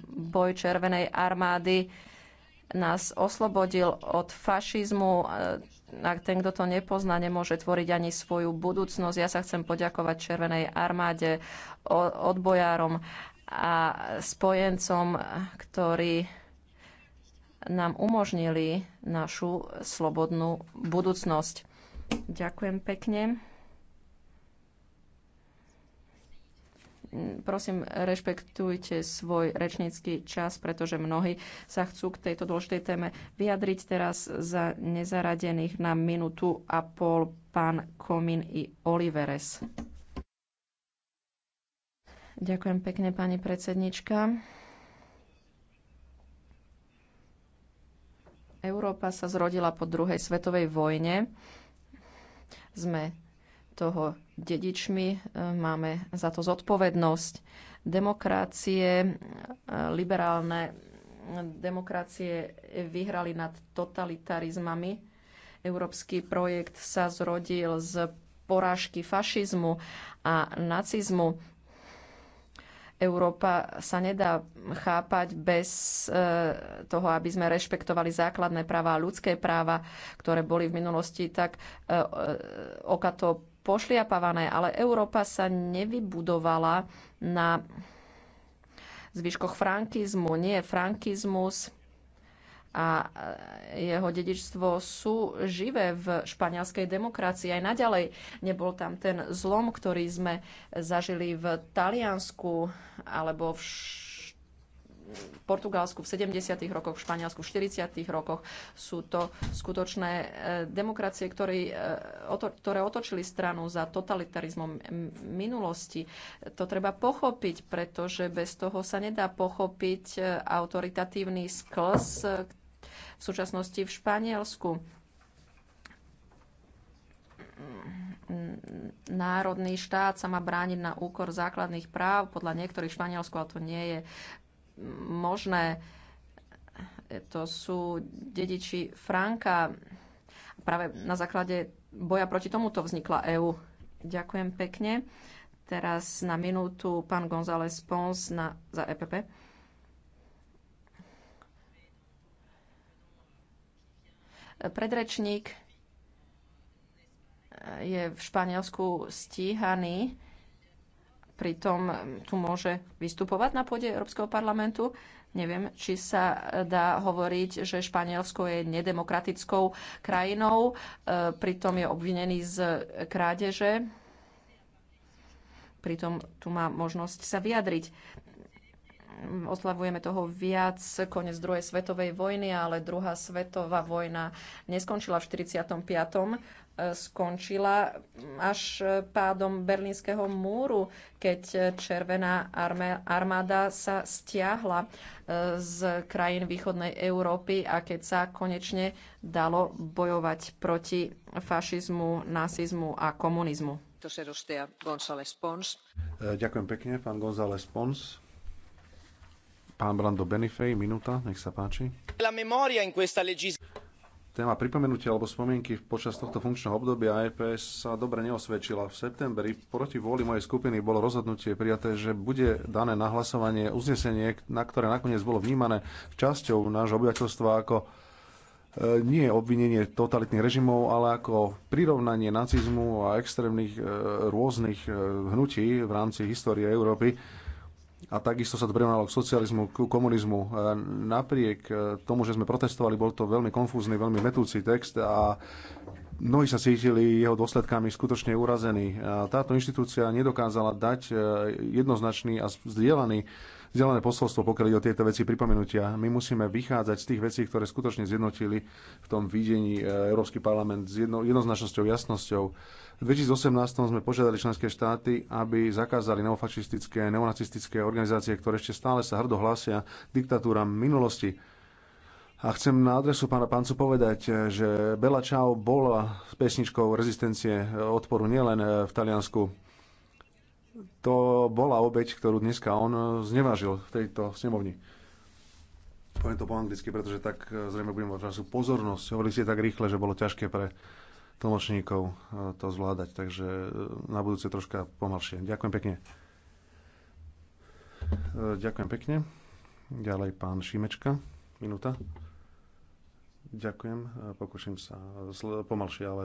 boj Červenej armády nás oslobodil od fašizmu. A ten, kto to nepozná, nemôže tvoriť ani svoju budúcnosť. Ja sa chcem poďakovať Červenej armáde, odbojárom a spojencom, ktorí nám umožnili našu slobodnú budúcnosť. Ďakujem pekne. Prosím, rešpektujte svoj rečnícky čas, pretože mnohí sa chcú k tejto dôležitej téme vyjadriť teraz za nezaradených na minútu a pol pán Komín i Oliveres. Ďakujem pekne, pani predsednička. Európa sa zrodila po druhej svetovej vojne. Sme toho dedičmi, e, máme za to zodpovednosť. Demokracie, e, liberálne demokracie vyhrali nad totalitarizmami. Európsky projekt sa zrodil z porážky fašizmu a nacizmu Európa sa nedá chápať bez e, toho, aby sme rešpektovali základné práva a ľudské práva, ktoré boli v minulosti tak e, e, okato pošliapavané. Ale Európa sa nevybudovala na zvyškoch frankizmu. Nie, frankizmus a e, jeho dedičstvo sú živé v španielskej demokracii aj naďalej. Nebol tam ten zlom, ktorý sme zažili v Taliansku alebo v v Portugalsku v 70. rokoch, v Španielsku v 40. rokoch. Sú to skutočné e, demokracie, ktoré, e, ktoré otočili stranu za totalitarizmom minulosti. To treba pochopiť, pretože bez toho sa nedá pochopiť autoritatívny sklz, v súčasnosti v Španielsku. Národný štát sa má brániť na úkor základných práv podľa niektorých Španielsku, ale to nie je možné. To sú dediči Franka. Práve na základe boja proti tomuto vznikla EÚ. Ďakujem pekne. Teraz na minútu pán González Pons na, za EPP. Predrečník je v Španielsku stíhaný, pritom tu môže vystupovať na pôde Európskeho parlamentu. Neviem, či sa dá hovoriť, že Španielsko je nedemokratickou krajinou, e, pritom je obvinený z krádeže, pritom tu má možnosť sa vyjadriť oslavujeme toho viac koniec druhej svetovej vojny, ale druhá svetová vojna neskončila v 45. E, skončila až pádom Berlínskeho múru, keď Červená armáda sa stiahla e, z krajín východnej Európy a keď sa konečne dalo bojovať proti fašizmu, nazizmu a komunizmu. E, ďakujem pekne, pán González Pons. Pán Brando Benifej, minúta, nech sa páči. Téma pripomenutia alebo spomienky počas tohto funkčného obdobia EPS sa dobre neosvedčila. V septembri proti vôli mojej skupiny bolo rozhodnutie prijaté, že bude dané na hlasovanie uznesenie, na ktoré nakoniec bolo vnímané časťou nášho obyvateľstva ako e, nie obvinenie totalitných režimov, ale ako prirovnanie nacizmu a extrémnych e, rôznych e, hnutí v rámci histórie Európy a takisto sa to premenalo k socializmu, k komunizmu. E, napriek e, tomu, že sme protestovali, bol to veľmi konfúzny, veľmi metúci text a mnohí sa cítili jeho dôsledkami skutočne urazení. Táto inštitúcia nedokázala dať e, jednoznačný a zdieľaný zelené posolstvo, pokiaľ ide o tieto veci pripomenutia. My musíme vychádzať z tých vecí, ktoré skutočne zjednotili v tom videní e, Európsky parlament s jedno, jednoznačnosťou, jasnosťou. V 2018 sme požiadali členské štáty, aby zakázali neofašistické, neonacistické organizácie, ktoré ešte stále sa hrdo hlásia diktatúram minulosti. A chcem na adresu pána Pancu povedať, e, že Bela Čau bola pesničkou rezistencie e, odporu nielen v Taliansku to bola obeď, ktorú dneska on e, znevážil v tejto snemovni. Poviem to po anglicky, pretože tak e, zrejme budem mať času pozornosť. Hovorili ste tak rýchle, že bolo ťažké pre tlmočníkov e, to zvládať, takže na budúce troška pomalšie. Ďakujem pekne. Ďakujem pekne. Ďalej pán Šimečka, minúta. Ďakujem, pokúšam sa pomalšie, ale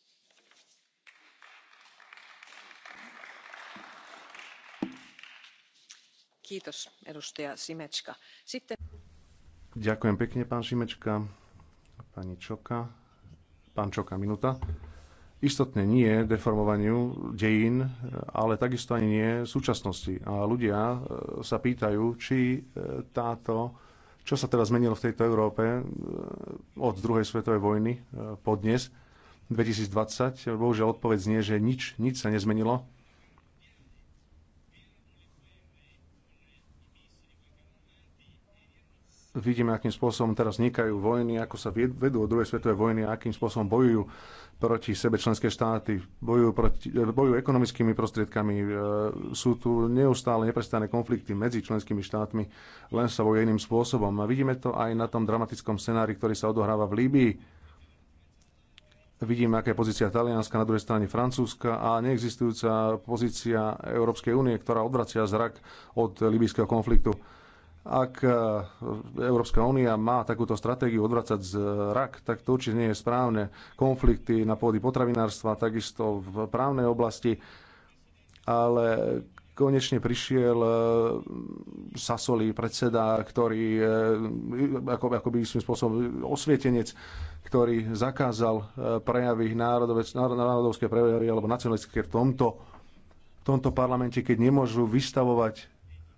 Ďakujem pekne, pán Šimečka. Pani Čoka. Pán Čoka, minúta. Istotne nie deformovaniu dejín, ale takisto ani nie súčasnosti. A ľudia e, sa pýtajú, či e, táto, čo sa teda zmenilo v tejto Európe e, od druhej svetovej vojny po dnes, 2020, bohužiaľ odpoveď znie, že nič, nič sa nezmenilo vidíme, akým spôsobom teraz vznikajú vojny, ako sa vedú od druhej svetovej vojny, akým spôsobom bojujú proti sebe členské štáty, bojujú, proti, bojujú ekonomickými prostriedkami. E, sú tu neustále neprestané konflikty medzi členskými štátmi, len sa bojuje iným spôsobom. A vidíme to aj na tom dramatickom scenári, ktorý sa odohráva v Líbii. Vidíme, aká je pozícia Talianska, na druhej strane Francúzska a neexistujúca pozícia Európskej únie, ktorá odvracia zrak od libijského konfliktu ak e, Európska únia má takúto stratégiu odvracať z e, rak, tak to určite nie je správne. Konflikty na pôdy potravinárstva, takisto v právnej oblasti, ale konečne prišiel e, Sasoli, predseda, ktorý ako, ako by svojím spôsobom osvietenec, ktorý zakázal prejavy národovské prejavy alebo nacionalistické v tomto v tomto parlamente, keď nemôžu vystavovať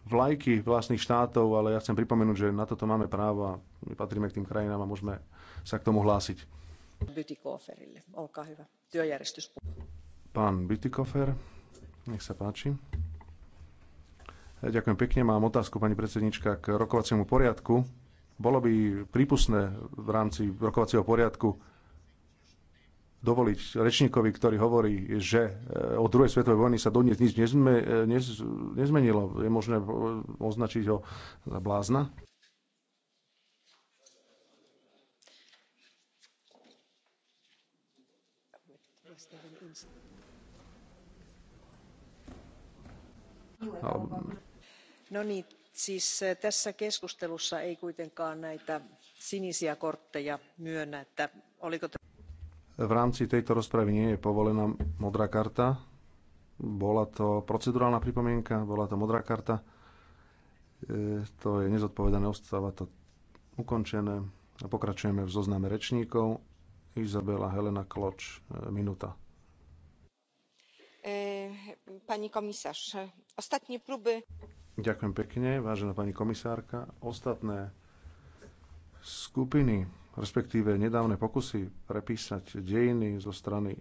vlajky vlastných štátov, ale ja chcem pripomenúť, že na toto máme právo a my patríme k tým krajinám a môžeme sa k tomu hlásiť. Pán Bytikofer, nech sa páči. Ďakujem pekne. Mám otázku, pani predsednička, k rokovaciemu poriadku. Bolo by prípustné v rámci rokovacieho poriadku dovoliť rečníkovi, ktorý hovorí, že e, od druhej svetovej vojny sa dodnes nič nezme, e, nez, nezmenilo. Je možné e, označiť ho za blázna? No niin, siis tässä keskustelussa ei kuitenkaan näitä sinisiä kortteja myönnä, että oliko tämä... V rámci tejto rozpravy nie je povolená modrá karta. Bola to procedurálna pripomienka, bola to modrá karta. E, to je nezodpovedané, ostáva to ukončené. A pokračujeme v zozname rečníkov. Izabela Helena Kloč, e, minúta. E, pani komisarz, ostatnie próby... Ďakujem pekne, vážená pani komisárka. Ostatné skupiny respektíve nedávne pokusy prepísať dejiny zo strany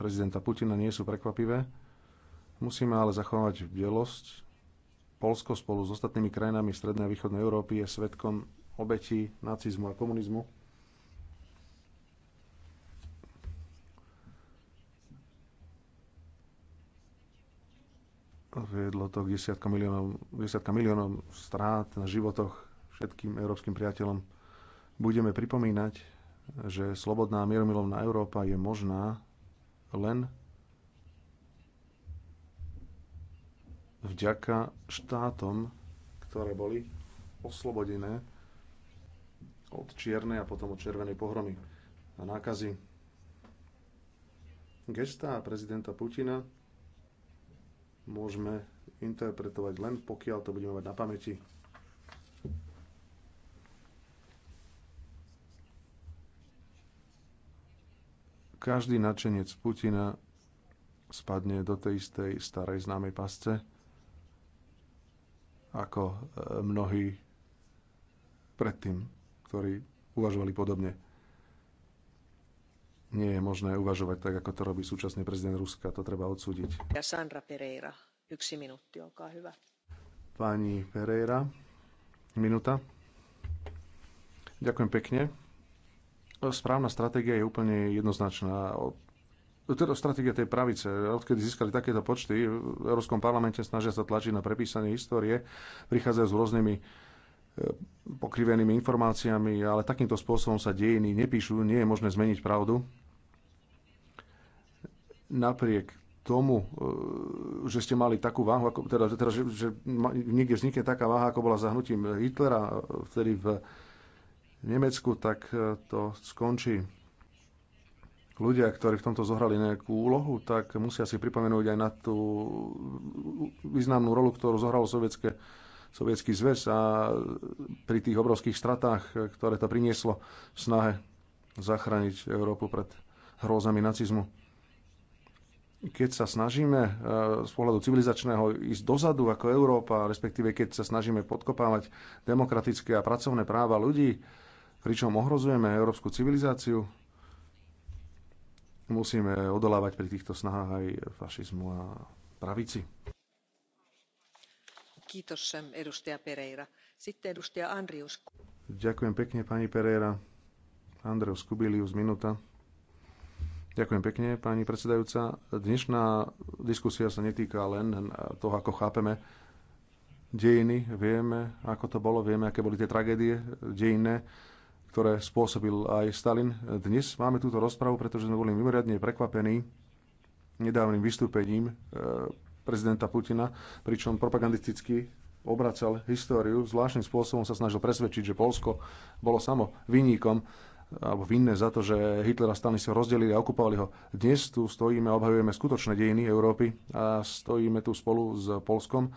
prezidenta Putina nie sú prekvapivé. Musíme ale zachovať bdelosť. Polsko spolu s ostatnými krajinami Strednej a Východnej Európy je svetkom obetí nacizmu a komunizmu. Viedlo to k desiatka miliónov, desiatka miliónov strát na životoch všetkým európskym priateľom budeme pripomínať, že slobodná mieromilovná Európa je možná len vďaka štátom, ktoré boli oslobodené od čiernej a potom od červenej pohromy a nákazy. Gesta prezidenta Putina môžeme interpretovať len pokiaľ to budeme mať na pamäti. Každý načenec Putina spadne do tej istej starej známej pasce, ako e, mnohí predtým, ktorí uvažovali podobne. Nie je možné uvažovať tak, ako to robí súčasný prezident Ruska. To treba odsúdiť. Ja Sandra Pereira. Yksi minuutti, olkaa hyvä. Pani Pereira, minúta. Ďakujem pekne. Správna stratégia je úplne jednoznačná. Teda stratégia tej pravice, odkedy získali takéto počty, v Európskom parlamente snažia sa tlačiť na prepísanie histórie, prichádzajú s rôznymi e, pokrivenými informáciami, ale takýmto spôsobom sa dejiny nepíšu, nie je možné zmeniť pravdu. Napriek tomu, e, že ste mali takú váhu, ako, teda, teda, že, že niekde vznikne taká váha, ako bola zahnutím Hitlera e, vtedy v v Nemecku, tak e, to skončí. Ľudia, ktorí v tomto zohrali nejakú úlohu, tak musia si pripomenúť aj na tú významnú rolu, ktorú zohralo sovietské, sovietský zväz a pri tých obrovských stratách, e, ktoré to prinieslo v snahe zachrániť Európu pred hrôzami nacizmu. Keď sa snažíme e, z pohľadu civilizačného ísť dozadu ako Európa, respektíve keď sa snažíme podkopávať demokratické a pracovné práva ľudí, pričom ohrozujeme európsku civilizáciu. Musíme odolávať pri týchto snahách aj fašizmu a pravici. Ďakujem pekne, pani Pereira. Andreus Kubilius, minúta. Ďakujem pekne, pani predsedajúca. Dnešná diskusia sa netýka len toho, ako chápeme dejiny. Vieme, ako to bolo, vieme, aké boli tie tragédie dejinné ktoré spôsobil aj Stalin. Dnes máme túto rozpravu, pretože sme boli mimoriadne prekvapení nedávnym vystúpením e, prezidenta Putina, pričom propagandisticky obracal históriu. Zvláštnym spôsobom sa snažil presvedčiť, že Polsko bolo samo vinníkom alebo vinné za to, že Hitler a Stalin si ho rozdelili a okupovali ho. Dnes tu stojíme a obhajujeme skutočné dejiny Európy a stojíme tu spolu s Polskom.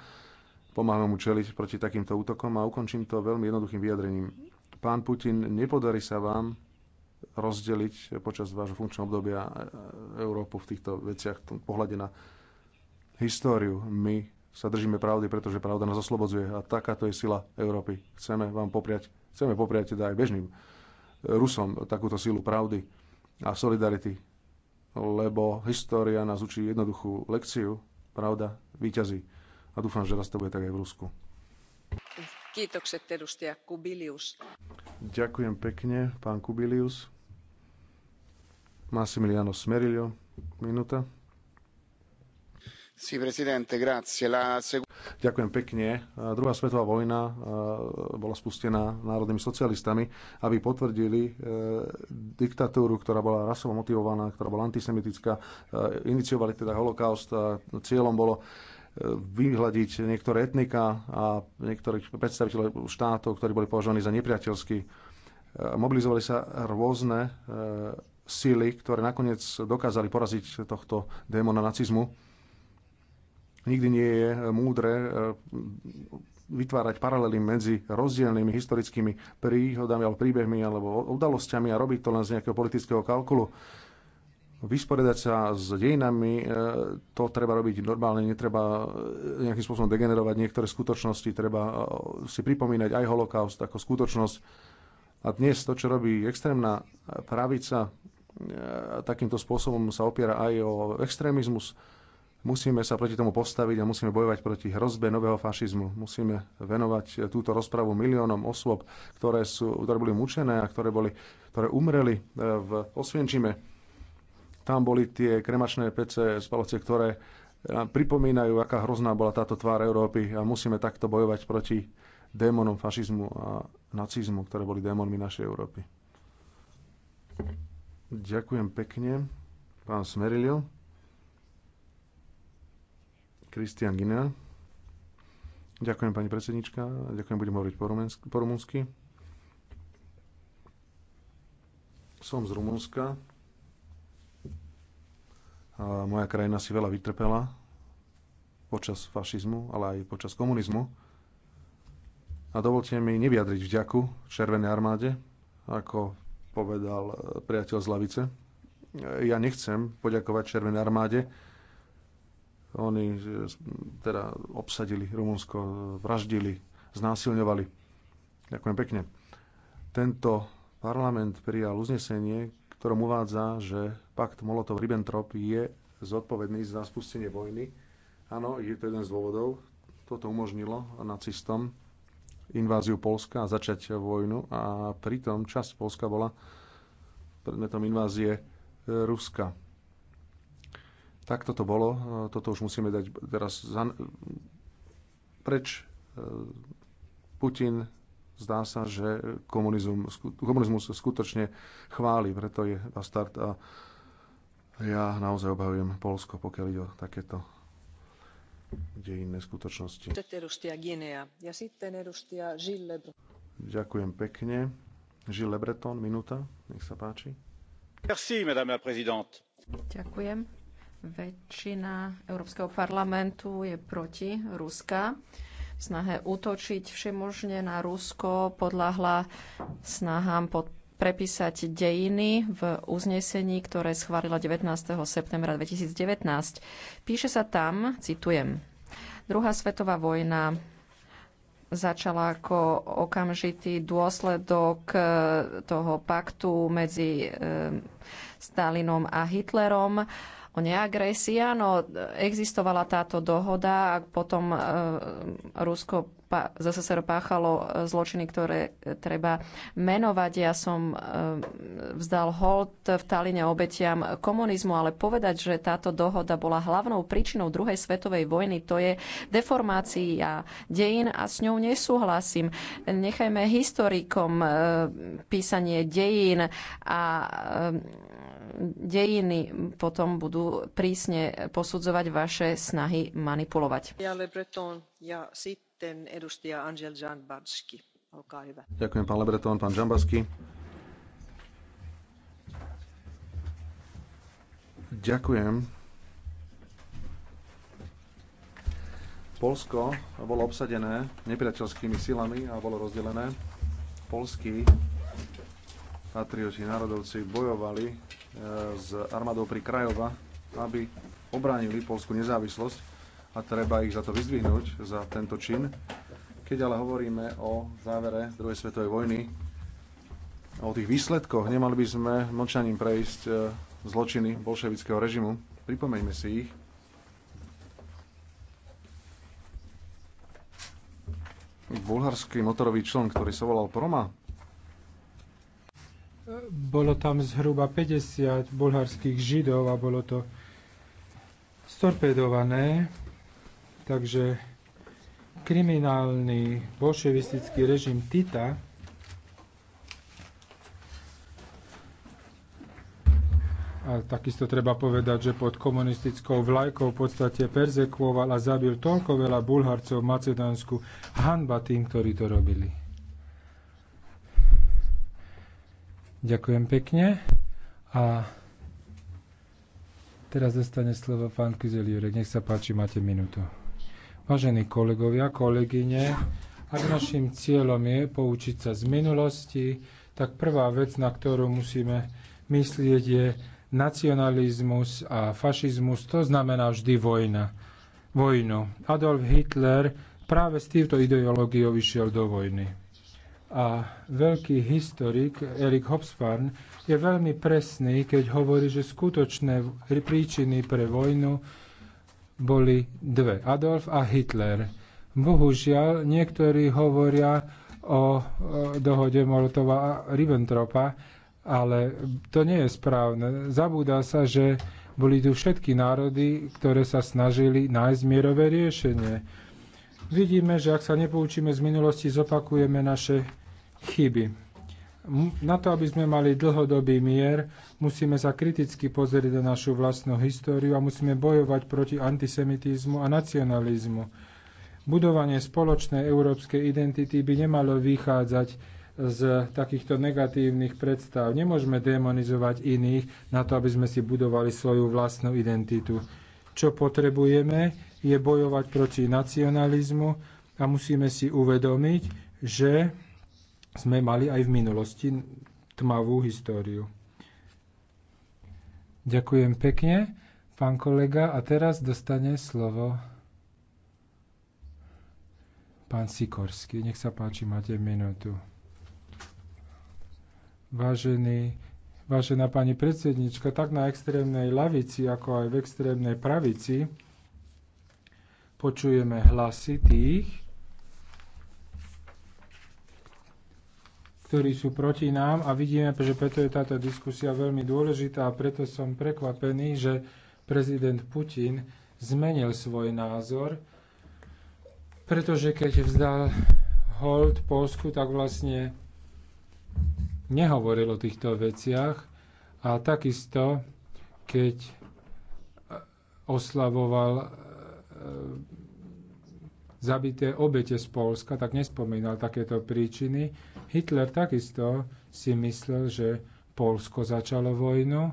Pomáhame mu čeliť proti takýmto útokom a ukončím to veľmi jednoduchým vyjadrením Pán Putin, nepodarí sa vám rozdeliť počas vášho funkčného obdobia e, e, Európu v týchto veciach, v tom pohľade na históriu. My sa držíme pravdy, pretože pravda nás oslobodzuje a takáto je sila Európy. Chceme vám popriať, chceme popriať teda aj bežným Rusom takúto silu pravdy a solidarity, lebo história nás učí jednoduchú lekciu, pravda víťazí. A dúfam, že raz to bude tak aj v Rusku. Ďakujem pekne, pán Kubilius. Massimiliano Smerillo, minúta. La... Ďakujem pekne. Druhá svetová vojna bola spustená národnými socialistami, aby potvrdili e, diktatúru, ktorá bola rasovo motivovaná, ktorá bola antisemitická. E, iniciovali teda holokaust. Cieľom bolo vyhľadiť niektoré etnika a niektorých predstaviteľov štátov, ktorí boli považovaní za nepriateľsky. E, mobilizovali sa rôzne e, síly, ktoré nakoniec dokázali poraziť tohto démona nacizmu. Nikdy nie je múdre e, vytvárať paralely medzi rozdielnymi historickými príhodami alebo príbehmi alebo udalosťami a robiť to len z nejakého politického kalkulu vysporiadať sa s dejinami, e, to treba robiť normálne, netreba e, nejakým spôsobom degenerovať niektoré skutočnosti, treba e, si pripomínať aj holokaust ako skutočnosť. A dnes to, čo robí extrémna pravica, takýmto spôsobom sa opiera aj o extrémizmus. Musíme sa proti tomu postaviť a musíme bojovať proti hrozbe nového fašizmu. Musíme venovať túto rozpravu miliónom osôb, ktoré, sú, ktoré boli mučené a ktoré, boli, ktoré umreli v Osvienčime tam boli tie kremačné pece, spalovce, ktoré e, pripomínajú, aká hrozná bola táto tvár Európy a musíme takto bojovať proti démonom fašizmu a nacizmu, ktoré boli démonmi našej Európy. Ďakujem pekne, pán Smerilio. Kristian Gina. Ďakujem, pani predsednička. Ďakujem, budem hovoriť po rumunsky. Som z Rumunska. Moja krajina si veľa vytrpela počas fašizmu, ale aj počas komunizmu. A dovolte mi nevyjadriť vďaku Červenej armáde, ako povedal e, priateľ z Lavice. Ja nechcem poďakovať Červenej armáde. Oni e, teda obsadili Rumunsko, e, vraždili, znásilňovali. Ďakujem pekne. Tento parlament prijal uznesenie, ktorom uvádza, že pakt Molotov-Ribbentrop je zodpovedný za spustenie vojny. Áno, je to jeden z dôvodov. Toto umožnilo nacistom inváziu Polska a začať vojnu a pritom časť Polska bola predmetom invázie e, Ruska. Tak toto bolo, e, toto už musíme dať teraz za... preč. E, Putin zdá sa, že komunizum, komunizmus sa skutočne chváli, preto je bastard a ja naozaj obhajujem Polsko, pokiaľ ide o takéto dejinné skutočnosti. Ďakujem pekne. Gilles Lebreton, minúta, nech sa páči. Merci, madame la présidente. Ďakujem. Väčšina Európskeho parlamentu je proti Ruska snahe útočiť všemožne na Rusko, podľahla snahám pod prepísať dejiny v uznesení, ktoré schválila 19. septembra 2019. Píše sa tam, citujem, Druhá svetová vojna začala ako okamžitý dôsledok e, toho paktu medzi e, Stalinom a Hitlerom o neagresii. Áno, existovala táto dohoda a potom e, Rusko pa, ZSSR páchalo e, zločiny, ktoré treba menovať. Ja som e, vzdal hold v Taline obetiam komunizmu, ale povedať, že táto dohoda bola hlavnou príčinou druhej svetovej vojny, to je deformácia dejín a s ňou nesúhlasím. Nechajme historikom e, písanie dejín a dejiny potom budú prísne posudzovať vaše snahy manipulovať. Ďakujem, pán Lebreton, pán Žambarsky. Ďakujem. Polsko bolo obsadené nepriateľskými silami a bolo rozdelené. Polský patrioti, národovci bojovali e, s armádou pri Krajova, aby obránili polskú nezávislosť a treba ich za to vyzdvihnúť, za tento čin. Keď ale hovoríme o závere druhej svetovej vojny, o tých výsledkoch, nemali by sme mlčaním prejsť e, zločiny bolševického režimu. Pripomeňme si ich. Bulharský motorový člen, ktorý sa volal Proma, bolo tam zhruba 50 bulharských židov a bolo to storpedované. Takže kriminálny bolševistický režim Tita a takisto treba povedať, že pod komunistickou vlajkou v podstate perzekvoval a zabil toľko veľa Bulharcov v Macedónsku. Hanba tým, ktorí to robili. Ďakujem pekne. A teraz dostane slovo pán Kizeliurek. Nech sa páči, máte minútu. Vážení kolegovia, kolegyne, ak našim cieľom je poučiť sa z minulosti, tak prvá vec, na ktorú musíme myslieť, je nacionalizmus a fašizmus, to znamená vždy vojna. Vojnu. Adolf Hitler práve s týmto ideológiou vyšiel do vojny. A veľký historik Erik Hobsbawm je veľmi presný, keď hovorí, že skutočné príčiny pre vojnu boli dve. Adolf a Hitler. Bohužiaľ, niektorí hovoria o dohode Molotova a Ribbentropa, ale to nie je správne. Zabúda sa, že boli tu všetky národy, ktoré sa snažili nájsť mierové riešenie Vidíme, že ak sa nepoučíme z minulosti, zopakujeme naše chyby. Na to, aby sme mali dlhodobý mier, musíme sa kriticky pozrieť na našu vlastnú históriu a musíme bojovať proti antisemitizmu a nacionalizmu. Budovanie spoločnej európskej identity by nemalo vychádzať z takýchto negatívnych predstav. Nemôžeme demonizovať iných na to, aby sme si budovali svoju vlastnú identitu. Čo potrebujeme je bojovať proti nacionalizmu a musíme si uvedomiť, že sme mali aj v minulosti tmavú históriu. Ďakujem pekne, pán kolega. A teraz dostane slovo pán Sikorsky. Nech sa páči, máte minútu. Vážený, vážená pani predsednička, tak na extrémnej lavici, ako aj v extrémnej pravici, počujeme hlasy tých, ktorí sú proti nám a vidíme, že preto je táto diskusia veľmi dôležitá a preto som prekvapený, že prezident Putin zmenil svoj názor, pretože keď vzdal hold Polsku, tak vlastne nehovoril o týchto veciach a takisto, keď oslavoval E, zabité obete z Polska, tak nespomínal takéto príčiny. Hitler takisto si myslel, že Polsko začalo vojnu,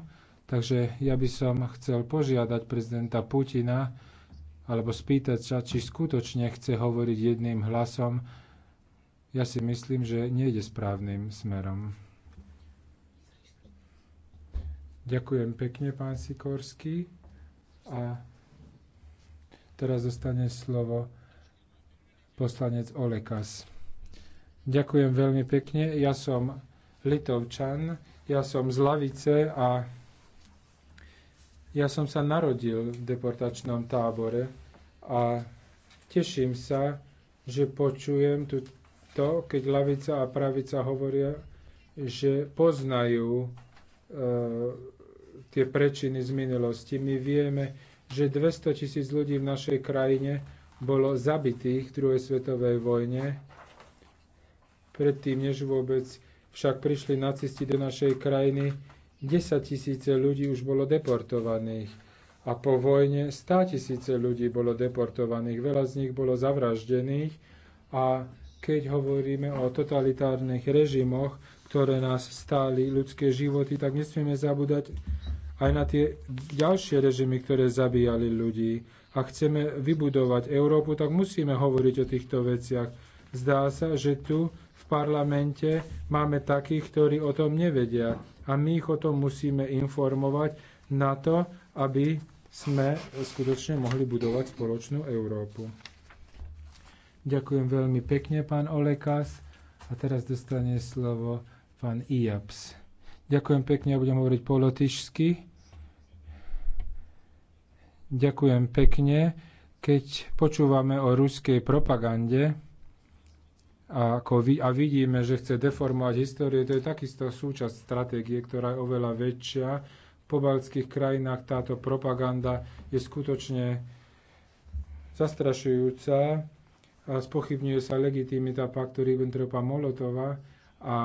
takže ja by som chcel požiadať prezidenta Putina alebo spýtať sa, či skutočne chce hovoriť jedným hlasom. Ja si myslím, že nejde správnym smerom. Ďakujem pekne, pán Sikorský. A Teraz dostane slovo poslanec Olekas. Ďakujem veľmi pekne. Ja som Litovčan, ja som z Lavice a ja som sa narodil v deportačnom tábore a teším sa, že počujem tu to, keď lavica a pravica hovoria, že poznajú e, tie prečiny z minulosti. My vieme, že 200 tisíc ľudí v našej krajine bolo zabitých v druhej svetovej vojne, predtým než vôbec však prišli nacisti do našej krajiny, 10 tisíce ľudí už bolo deportovaných a po vojne 100 tisíce ľudí bolo deportovaných, veľa z nich bolo zavraždených a keď hovoríme o totalitárnych režimoch, ktoré nás stáli ľudské životy, tak nesmieme zabúdať aj na tie ďalšie režimy, ktoré zabíjali ľudí. a chceme vybudovať Európu, tak musíme hovoriť o týchto veciach. Zdá sa, že tu v parlamente máme takých, ktorí o tom nevedia a my ich o tom musíme informovať na to, aby sme skutočne mohli budovať spoločnú Európu. Ďakujem veľmi pekne, pán Olekas. A teraz dostane slovo pán Iaps. Ďakujem pekne, ja budem hovoriť po lotyšsky. Ďakujem pekne. Keď počúvame o ruskej propagande a, vidíme, že chce deformovať históriu, to je takisto súčasť stratégie, ktorá je oveľa väčšia. V pobaltských krajinách táto propaganda je skutočne zastrašujúca a spochybňuje sa legitimita paktu Ribbentropa-Molotova a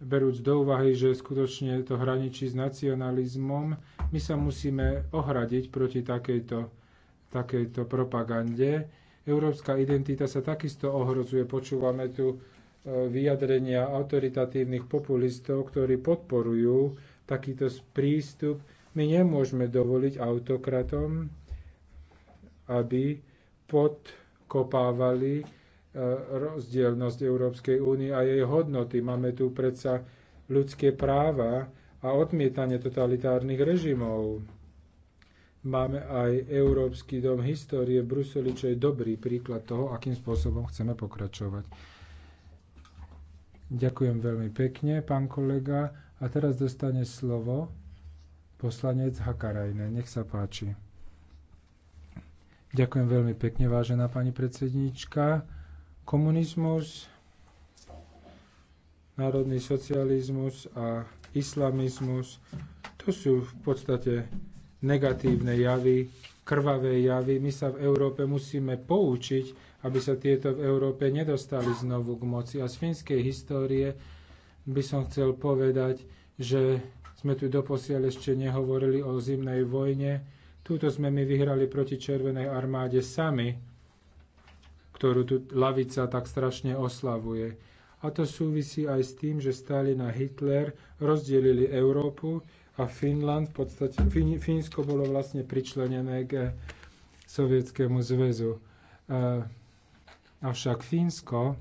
berúc do úvahy, že skutočne to hraničí s nacionalizmom, my sa musíme ohradiť proti takejto, takejto propagande. Európska identita sa takisto ohrozuje. Počúvame tu e, vyjadrenia autoritatívnych populistov, ktorí podporujú takýto prístup. My nemôžeme dovoliť autokratom, aby podkopávali E, rozdielnosť Európskej únie a jej hodnoty. Máme tu predsa ľudské práva a odmietanie totalitárnych režimov. Máme aj Európsky dom histórie v Bruseli, čo je dobrý príklad toho, akým spôsobom chceme pokračovať. Ďakujem veľmi pekne, pán kolega. A teraz dostane slovo poslanec Hakarajne. Nech sa páči. Ďakujem veľmi pekne, vážená pani predsedníčka. Komunizmus, národný socializmus a islamizmus, to sú v podstate negatívne javy, krvavé javy. My sa v Európe musíme poučiť, aby sa tieto v Európe nedostali znovu k moci. A z finskej histórie by som chcel povedať, že sme tu doposiaľ ešte nehovorili o zimnej vojne. Túto sme my vyhrali proti Červenej armáde sami ktorú tu lavica tak strašne oslavuje. A to súvisí aj s tým, že Stalin a Hitler rozdelili Európu a Finland, v podstate Fín, Fínsko bolo vlastne pričlenené k Sovietskému zväzu. E, avšak Fínsko